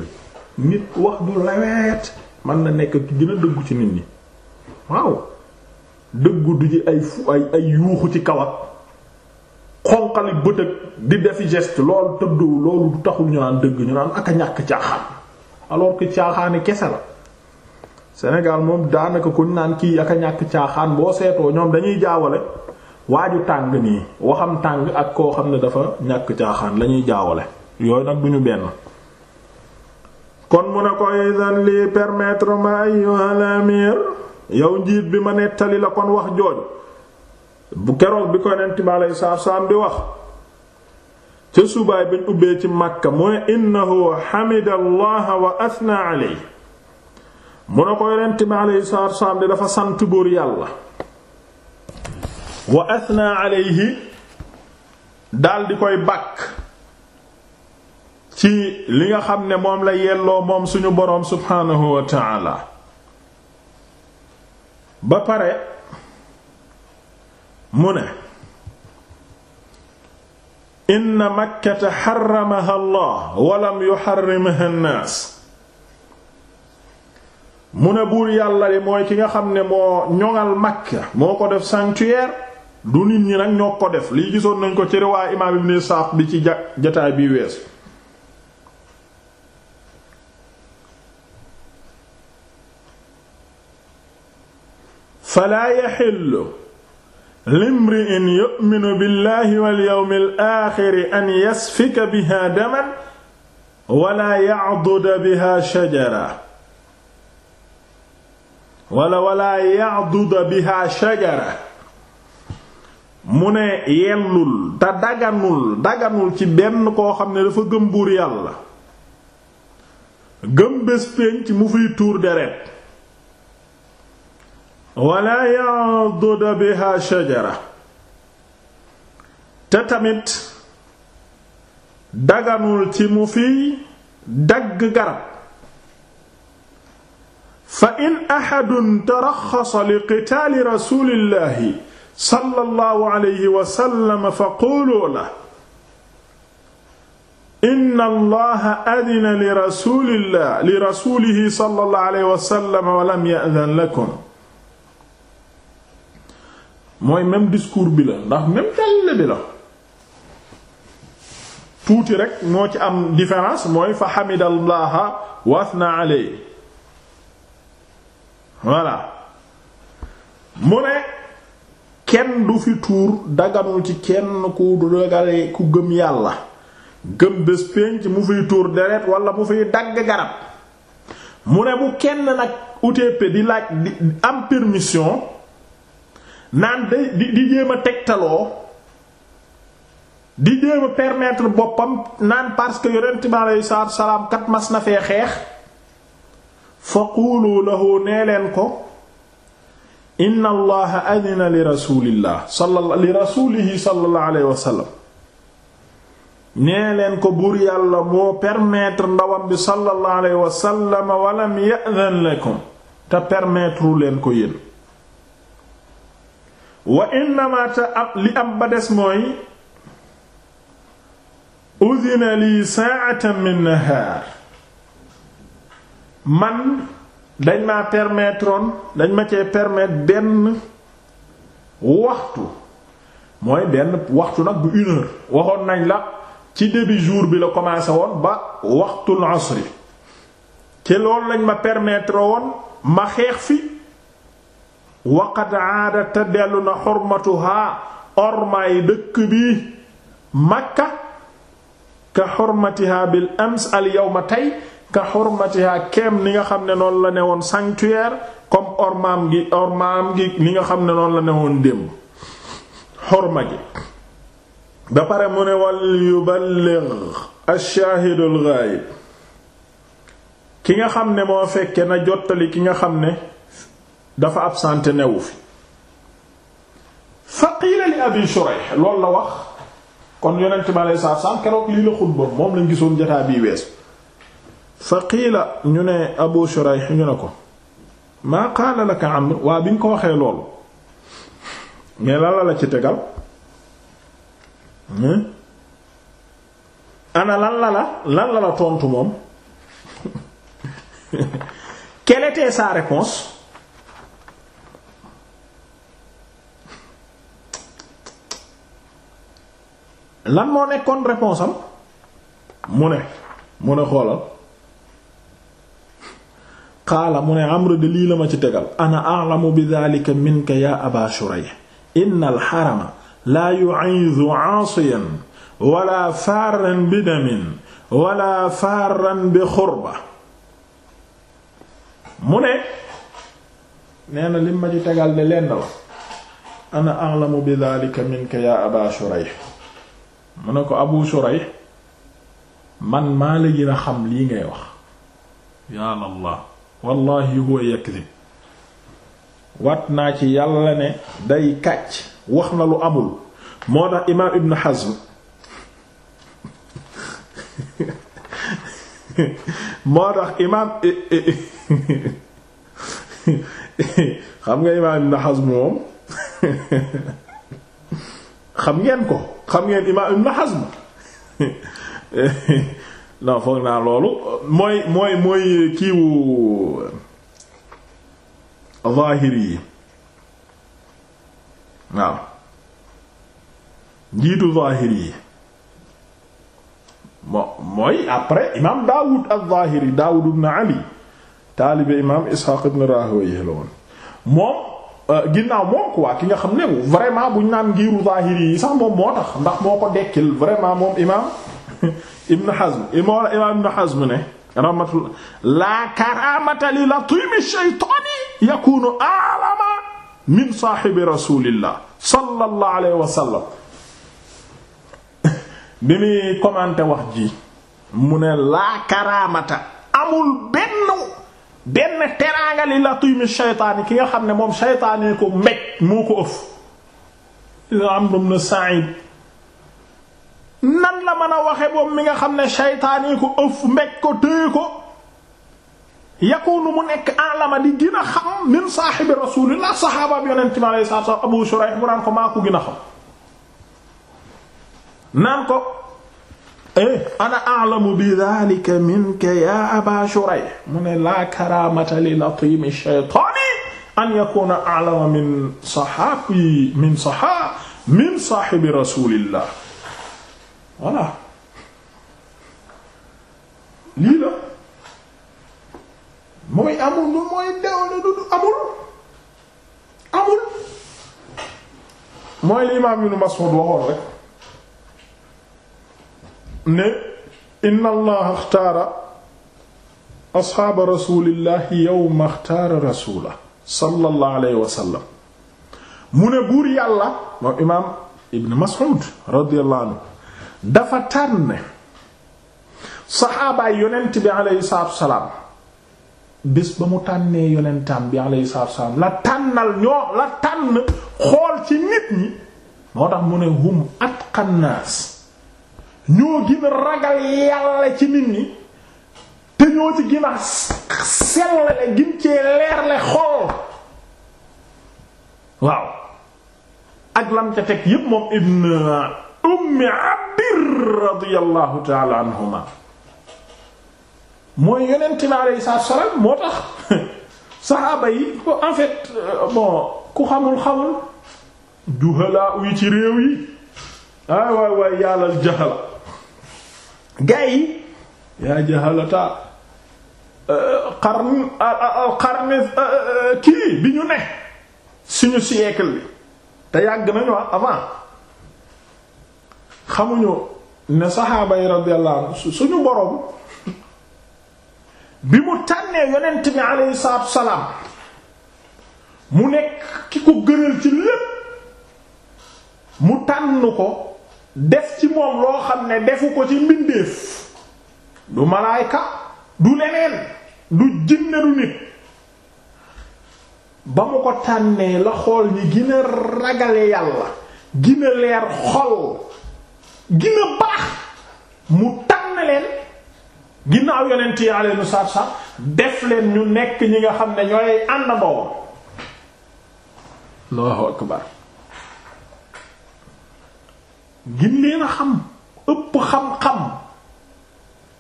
nit wax du lawet mën na nekk ki gën a dëggu ci nit ñi waaw dëggu du ji ay fu ay yuuxu ci kaw ak xonqali bët di defi geste loolu tëdd loolu du taxul ñu naan dëgg ñu naan ak ñàkk caaxaan alors que caaxaani kese la Sénégal moom daanaka ku naan kii ak ñàkk caaxaan boo seetoo ñoom dañuy jaawale waaju tàng nii waxam tàng ak koo xam ne dafa ñàkk caaxaan lañuy jaawale yooyu nag duñu benn kon mu ne ko idan lii permettre ma yow njiit bi ma nettali la kon wax jooju bu keroog bi ko yonent bi alayhi di wax ca subaay bañ ubbee ci Makka mu ne innahu hamida wa athna alayhi mu ne ko yonent bi alayhi salaatu salaam di dafa sant buur yàlla wa athna alayhi daldi koy bàkk ci li nga xam ne moom la yelloo moom suñu boroom subhaanahu wa ba pare mu ne inna makkata xaramaha allah walam yuxarrimha nnaas mu ne buur yàlla de mooy ki nga xam ne moo ñoŋal makka moo ko def sanctuaire du nit ñi nag ñoo ko def lii gisoon nañ ko ci riwaa imaam ibn Isaaq bi ci jataay bi weesu falaa yaxillu limri'in yu'minu billahi wal yawmil aaxiri an yasfika biha daman wala ya'duda biha shajara wala wala ya'duda biha shajara mu ne yellul te daganul daganul ci benn koo xam ne dafa gëm buur yàlla gëm bés pénc mu fiy tuur deret wala ya'duda biha shajara te tamit daganul ci mu fi dagg garab fa in ahadun taraxasa li qitaali rasulillahi sallallahu alayhi wa sallam faqulu lahu inna allaha adina li rasulillah li rasulihi sallallahu alayhi wa sallam wa lam ya'dhan lakum mooy même discours bi la ndax même tàll bi la tuuti rekk moo ci am différence mooy fa xamidallaha wa asna alayhi voilà mu ne kenn du fi tuur daganul ci kenn ku dagale ku gëm yàlla gëm bés pénc mu fiy tuur deret wala mu fiy dagg garab mu ne bu kenn nag utep di laaj am permission naan day di di jéem a tegtaloo di jéem a permettre boppam naan parce que yonent bi salaam kat mas na fee xeex faqulu lahu nee leen ko inna allaha adina li rasulillah sala li rasulihi nee leen ko buur yàlla moo permettre ndawam bi sallallahu alayhi wa sallam walam ya'zan lakum te permettre leen ko yéen wa innama ta am li am ba des mooy udina lii sa'atan min nahar man dañ ma permettroon dañ ma ci permettre benn waxtu mooy benn waxtu nag bu une waxoon nañ la ci début jour bi la commencé woon ba waxtul asri ci loolu lañ ma permettre woon ma xeex fi waqad aada te dellu na xormatuhaa ormaay dëkk bi makka ka xormatihaa bil ams al yawma tey ka xormatihaa keem ni nga xam ne noonu la ne woon sanctuaire comme ormaam gi ormaam gi ni nga xam ne noon la ne woon démb xorma gi ba pare mu ne wal yuballigh ash-shahidul ghaib ki nga xam ne moo fekke na jottali ki nga xam ne dafa absenté newu fi fa qiila li abi shurayh loolu la wax kon yonent bi aleyhi salaatu salaam lii la xutba moom lañ gisoon jotaay bii wees fa qiila ñu ne abu shurayh ñu ne ko maa qaala laka amr waa bi nga ko waxee loolu mais lan la la ci tegal hmm? ana lan la la lan la la tontu moom quelle était sa réponse lan moo nekkoon réponse am mu ne mu ne xoolal qaala mu ne Amr de lii la ma ci tegal ana a'lamu bi la yu'izu 'asiyan wala farran bi damin wala farran bi xurba mu ne nee na li ma ci tegal de lenn la ana a'lamu bi dhalika minka ya aba shurayh mu ne ko Abu Shurayh man maa la gën xam lii ngay wax yaa Allah wallahi huwa yakdib wat naa ci yàlla ne day kàcc wax na lu amul moo tax imaam Ibn xam nga imaam Ibn Hazm moom xam ngeen ko xam ngeen imaam Ibn Hazm non foog naa loolu mooy mooy mooy kiiwu zahiri yi waaw njiitu zahiri yi mooy après imaam Daawud az-Zahiri Daawud ibn Ali taalibe imaam Isxaaq ibn Rahawayh la Euh, ginnaaw moom quoi ki nga xam ne vraiment buñ naan ngiru zahiri yi sax moom moo tax ndax moo ko dekkil vraiment moom imaam Ibn Hazm imaam Ibn Hazm ne rahmatullah la karamata li latimi shaytani yakunu a'lama min sahibi rasulillah sallallahu alayhi wa sallam bi muy commenter wax ji mu ne la karamata amul benn benn teraanga li latiimi shaytaani ki nga xam ne moom shaytaani ko mbéj moo ko ëf Amr ibn Sa'id nan la mën a waxe boobu mi nga xam ne shaytaani ko ëf mbéj ko téye ko yakunu mu nekk alama di gën a xam min saaxibi rasulillah saxaaba bi yonent mi alayhi salaam Abu Shurayh mu ko maa ko gën a xam naan ko Eh? ana a'lamu bi dhalika minka ya aba shurayh mu ne la karamata li latimi shaytani an yakuna a'lama min sahabi min saha min sahibi rasulillah voilà lii la mooy amul lu mooy dewle du amul amul mooy li imaam Ibn Mas'ud waxoon rek ne inna allaha axtaara asxaaba rasulillahi yawma axtaara rasula sallallahu alayhi wa sallam mu ne buur yàlla imaam ibn mas'ud radiyallahu anhu dafa tànn saxaabaay yonent bi alayhi salaam bés ba mu tànnee yonentam bi alayhi salaam la tànnal ñoo la tànn xool ci nit ñi moo tax mu ne hum atqan naas ñoo gën a ragal yàlla ci nit ñi te ñoo ci gën sellale gin cee leerle xol waaw ak lam ca teg yépp moom ibn ummi abdir radiyallahu taala anhuma mooy yonent bi alayhi salaam moo tax saxaaba yi en fait euh, bon ku xamul xamul juhalaa yi ci réew yi ay waay waay yàllal jahala gars yi yaa jahalata qarn euh, qarn euh, euh, kii bi ñu ne suñu siècle bi te yàgg nañu wax ah, avant xamuñu ne saxaaba yi radiyallahu anhu suñu boroom bi mu tànnee yonent bi alayhi salaatu salaam mu nekk ki ko gënal ci lépp mu tànn ko def ci moom loo xam ne defu ko ci mbindeef du malaayka du leneen du jinne du nit ba mu ko tànnee la xool ni gën ragale yàlla gën leer xol gën a baax mu tànn leen yonent yi alayhi salaatu salaam def leen ñu nekk ñi nga xam ne ñooy ànd ndoowam Allahu gin leen xam ëpp xam-xam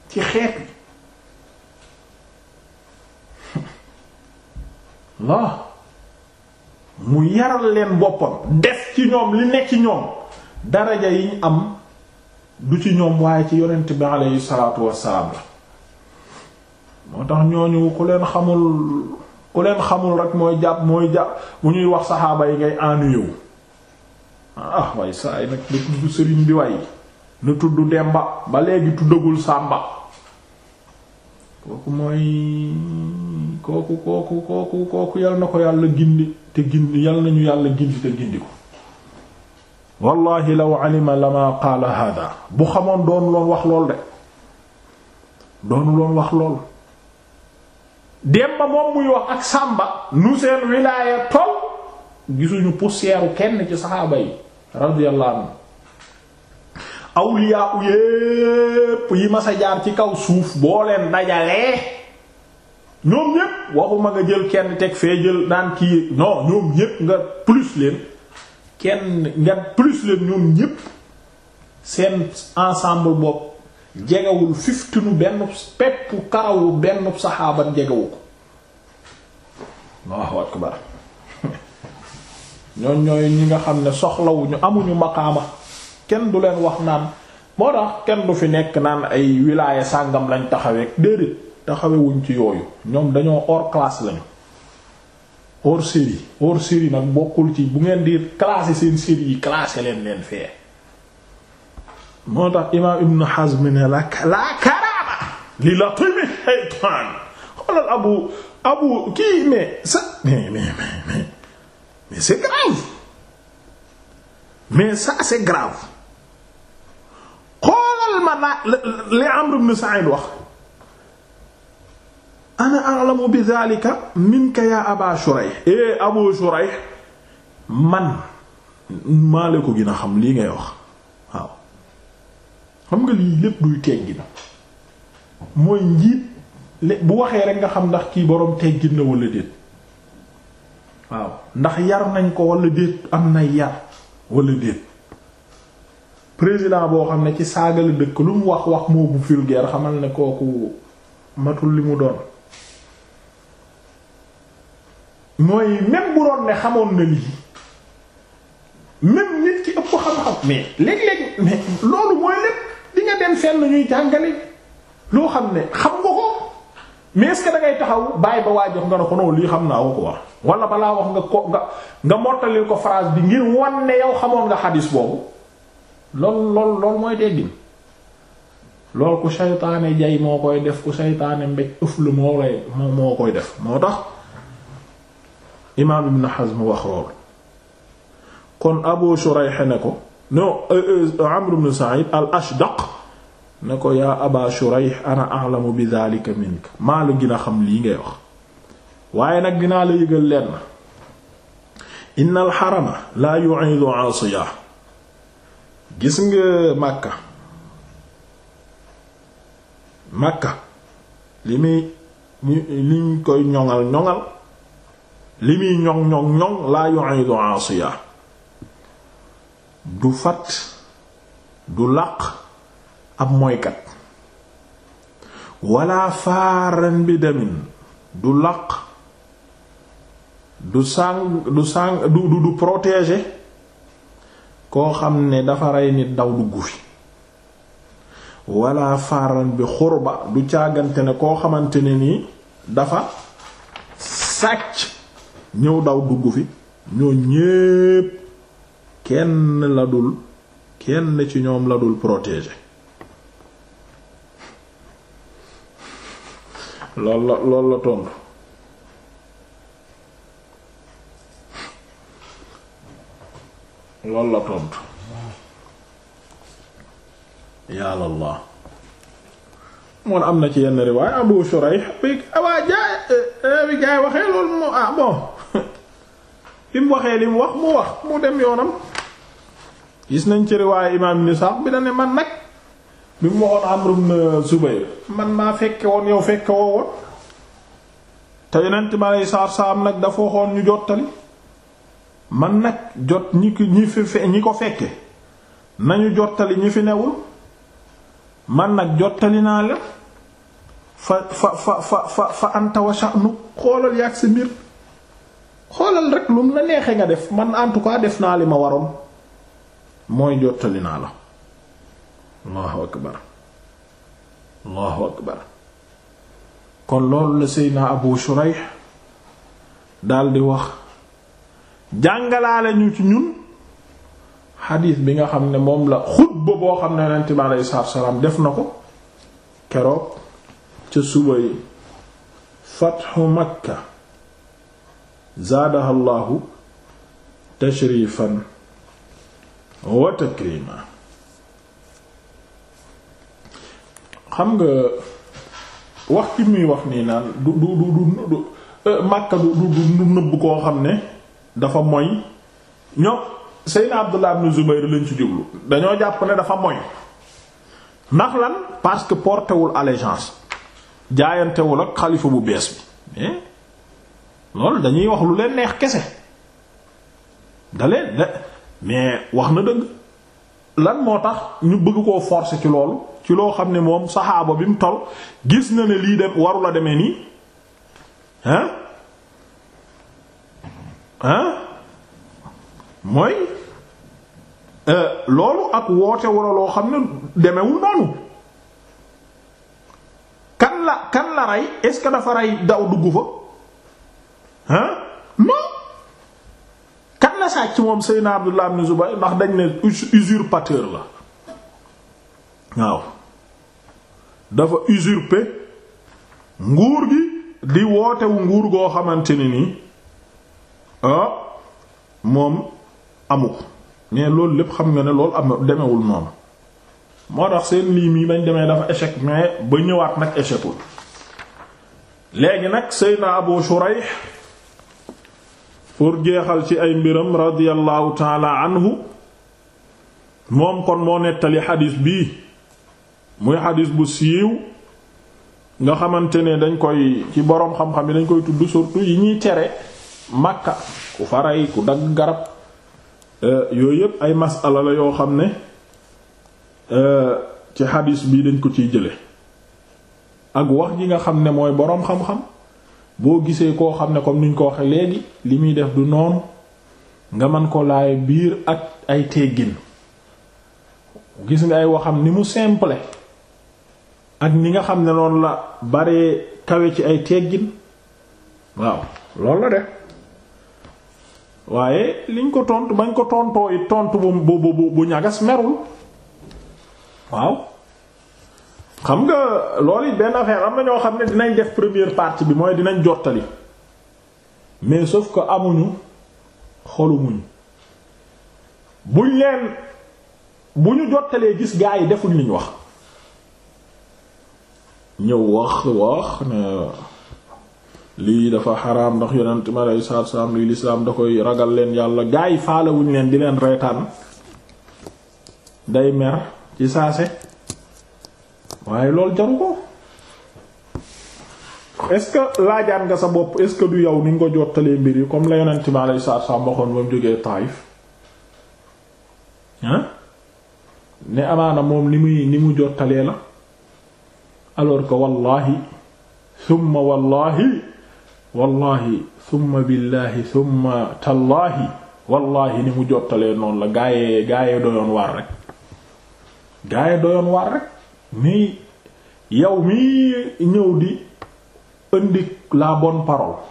ci xeet bi la mu yaral leen boppam def ci ñoom li nekk ci ñoom daraja yi am du ci ñoom waaye ci yonent bi aleyhi salaatu wassalaam la moo tax ñooñu ku leen xamul ku leen xamul rek mooy jàpp mooy jàpp bu ñuy wax saxaaba yi ngay ennuyewu ah way saay nag na tudd sëriñ bi way na tudd Demba ba léegi tuddagul Sàmba kooku mooy kooku kooku kooku kooku yal na ko yàlla gindi te gindi yal nañu yàlla gindi te gindi ko wallahi law alima lama qaala hada bu xamoon doonu loon wax lool de doonu loon wax lool Demba moom muy wax ak Sàmba nu seen wilaaya tol gisuñu poussière kenn ci saxaaba yi radiyallahu anhu awliya yépp yi ma a jaar ci kaw suuf boo leen dajalee ñoom ñépp waxuma nga jël kenn teg fee jël naan kii non ñoom ñépp nga plus leen kenn nga plus leen ñoom ñépp seen ensemble bopp jegewul fiftinu benn peppu karawu benn saxaaban jegewu ko Allahu akbar ñoon ñooy ñi nga xam ne soxlawuñu amuñu maqaama kenn du leen wax naan moo tax kenn du fi nekk naan ay wilaaya sàngam lañ taxawee déedéet taxawewuñ ci yooyu ñoom dañoo hors classe lañu hors série hors série nag bokkul ci bu ngeen di classer seen série yi classer leen leen fee moo tax imaam Ibn Hazm ne la la karaama li la timi shaytaan xoolal abu abu kii mais sa mais c'est grave mais ça c'est grave xoolal ma laaj li Amr ibn Sa'id wax ana a'lamu bi dhalika minka ya Aba e Shurayh man maa la ko gën a xam lii ngay wax waaw xam nga lii lépp duy teggin mooy njiit bu waxee rek nga xam ndax kii boroom teggin na walla déet waaw ndax yar nañ ko walla déet am na yar wala déet président boo xam ne ci saaga la dëkk lu mu wax wax moo bu vulgaire xamal ne kooku matul li mu doon mooy même bu doon ne xamoon na lii même nit ki ëpp xam-xam mais léeg-léeg mais loolu mooy lépp di dem fenn ñuy jàngale loo xam ne xam nga ko mais est-ce taxaw bàyyi ba waa jox nga ne ko non lii xam naa ko ko wax wala balaa wax nga ko nga mottalil ko phrase bi ngir wan ne yow xamoon nga xadis boobu lool lool mooy teggin lool ku saytaane jay moo koy def ku saytaane mbéj ëf moo lay moo koy def moo tax imaam ibn Hazm wax loolu kon Abu Shurayh ne ko no euh, euh, Amr ibn Sa'id al-Ashdaq ne ko yaa Aba Shurayh ana a'lamu bi dhalika minka maa la gën xam lii ngay wax waaye nag dinaa la yëgal lenn inna alxarama laa yu'idu asiya gis nga Makka Makka li muy liñ koy ñoŋal ñoŋal li muy ñoŋ ñoŋ ñoŋ laa yu'idu asiya du fat du làq ab moykat wala faaran bi demin du làq du sang du sang du du du koo xam ne dafa rey nit daw dugg fi walla faaran bi xurba du càggante ne koo xamante ne nii dafa sàcc ñëw daw dugg fi ñoo ñépp kenn la kenn ci ñoom ladul dul protéger lool la lool la tontu loolu la tontu yàlla la moom am na ci yenn riwaay Abu bi awaa jaay eh, eh, bi waxee loolu moo ah bon bi mu waxee li mu wax mu wax mu dem yoonam gis nañ ci riwaay imaam Ibn Sa'd bi da man nag bi mu waxoon Amr ibn Zubayr man maa fekke woon yow fekke woo woon te yonent ma lay saar saam nag dafa waxoon ñu jottali man nag jot ñi ko ñi fi ñi ko fekke nañu jottali ñi fi newul man nag jottali naa la fa fa fa fa fa fa xoolal yàgg si mbir xoolal rek lu mu la neexee nga def man en tout cas def naa li ma waroon mooy jottali naa la allahu akbar kon loolu la Seydina Abu Shuraih daal wax jàngalaale ñu ci ñun xadiis bi nga xam ne moom la xutba boo xam ne yonent bi aleyhi salaam def na ko keroog ca suba yi fatxu makka zaadaha llaahu tashrifan wa takrima xam nga wax ci muy wax nii naan du du du du euh, màkka du du du nëbb koo xam ne dafa moy ñoom Seydina Abdullah ibn Zubayr lañ ci jublu dañoo jàpp ne dafa moy nax lan parce que portewul allégeance jaayantewul ak xalifa bu bees bi mais loolu dañuy wax lu leen neex kese da de mais wax na dëgg lan moo tax ñu bëgg koo forcer ci lool ci loo xam ne moom saxaaba bi mu tol gis na ne lii dem warula la demee nii ah mooy euh, loolu ak woote wala loo xam ne demewul noonu kan la kan la rey est-ce que dafa rey daw dugg fa ah non kan la sàcc moom Seydina Abdullah ibn Zubayr ndax dañ ne usurpateur la waaw dafa usurper nguur gi di wootewu nguur goo xamante ni nii ah moom amu ko mais loolu lépp xam nga ne loolu am demewul moom moo tax seen lii mii bañ demee dafa échec mais ba ñëwaat nag échecul léegi nag Seydina Abu Shurayh pour jeexal ci ay mbiram radiyallahu taala anhu moom kon moo nettali xadis bii muy xadis bu siiw nga xamante ne dañ koy ci boroom xam-xam yi dañ koy tudd surtout yi ñuy tere makka ku faray ku dagg garab euh, yooyu yépp ay masala la yoo xam ne euh, ci xadis bii dañ ko ciy jële ak wax ji nga xam ne mooy boroom xam-xam boo gisee koo xam ne comme niñ ko waxe léegi li muy def du noonu nga man ko laay biir ak ay teggin gis nga ay waxam ni mu simple ak ni nga xam ne noonu la baree kawe ci ay teggin waaw loolu la de waaye liñ ko tontu bañ ko tontoo it tontu bu bu bu ñagas merul waaw xam nga loolu it benn affaire am na ñoo xam ne dinañ def première partie bi mooy dinañ jottali mais sauf ko amuñu xolu muñ buñ leen bu ñu jottalee gis gaa yi deful liñ wax ñëw wax wax na lii dafa xaraam ndax yonent mi alayhi salaatu wasalaam lii lislaam da koy ragal leen yàlla gaa yi faalewuñ leen di leen reetaan day mer ci saase waaye loolu jaru ko est-ce que laajaan nga sa bopp est-ce que du yow ni nga ko jottalee mbir yi comme la yonent ma alayhi salaatu wasalaam waxoon ba mu jógee Taayif ne amaana moom ni muy ni mu jottalee la alors que wallahi summa wallahi wallahi summa billahi summa tallaahi wallahi ni mu jottalee noonu la gaaye gaaye doyoon waar rek gaaye doyoon waar rek nii yow mii ñëw di indi la bon parole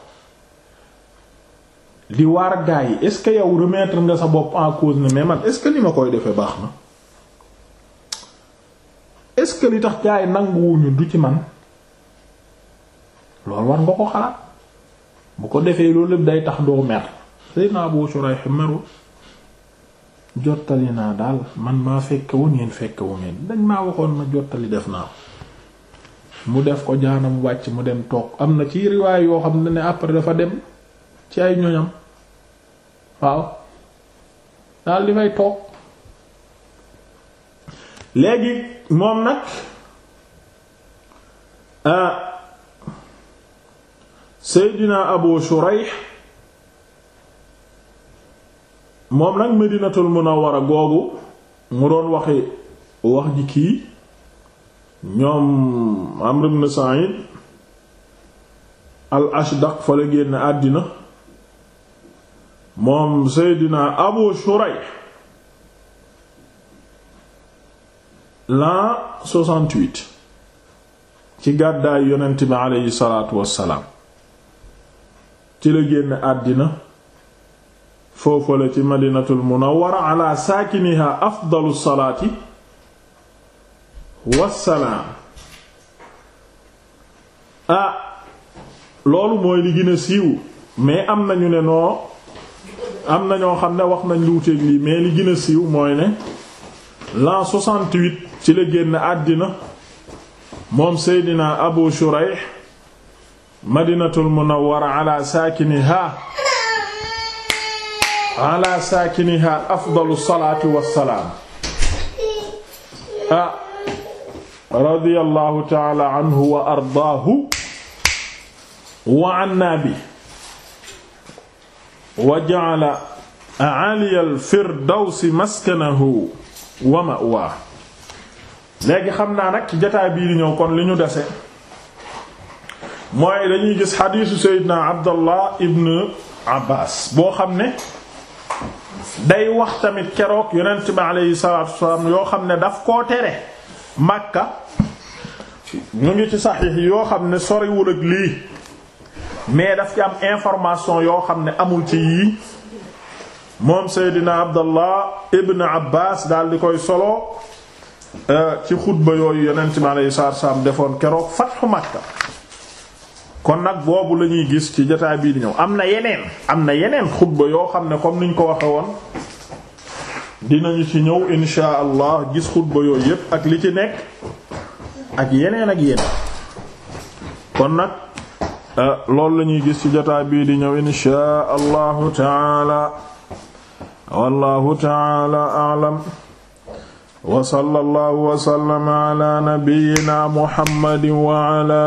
di waar gaa yi est-ce que yow remettre nga sa bopp en cause ne mais man est-ce que ni ma koy defee baax na est-ce que li tax gaa yi nanguwuñu du ci man loolu war nga ko xalaat bu ko defee loolu day tax doo mer Seydina Abu Shurayh meru jottali naa daal man maa fekke wu ngeen fekke wu dañ maa waxoon ma jottali def naa mu def ko jaanam wàcc mu dem toog am na ci riwaay yoo xam ne ne après dafa dem ci ay ñoñam waaw daal di fay toog léegi moom nag ah, seydina abu shurayx moom nag medinatul munawwara googu mu doon waxi wax ji kii ñoom amr ibn sa'id al ashdaq fa la génn àddina moom seydina abu shurayx l'an ci gàddaay yonent bi aleyhi wassalaam ci la génn àddina foofu ci madinatul munawwara ala saakiniha afdalu salaati wassalaam ah loolu mooy li gën siiw mais am nañu ne noo am na ñoo xam ne wax nañ lu wuteeg lii mais li gën siiw mooy ne l'an 68 ci la génn àddina moom seydina abu shuraih madinatul munawwara ala saakiniha ala saakiniha afdalu salaatu wassalaam ah radiyallahu taala anhu wa ardaahu wa anna bi wa ja'ala aliyal firdawsi maskanahu wa ma'waa léegi xam naa nag ci jotaay bii di ñëw kon li ñu dese mooy dañuy gis xadiisu Seydina Abdallah ibn Abbas boo xam ne day wax tamit keroog yonent bi aleyhi salaatu wasalaam yoo xam ne daf koo tere Makka ñu ngi ci saxiix yoo xam ne soriwul ak lii mais daf ci am information yoo xam ne amul ci yii moom Seydina Abdallah ibn Abbas daal di koy solo euh, ci xutba yooyu yonent bi aleyhi salaatu wasalaam defoon keroog fatxu Makka kon nag boobu lañuy gis ci jotaay bii di ñëw am na yeneen am na yeneen xutba yoo xam ne comme niñ ko waxe woon dinañu ci ñëw insha allah gis xutba yooyu yépp ak li ci nekk ak yeneen ak yeneen kon nag euh, loolu la ñuy gis ci jotaay bii di ñëw insha allahu taala wallahu taala alam wa sallallahu wa sallama ala nabiyyina muhammadin wa ala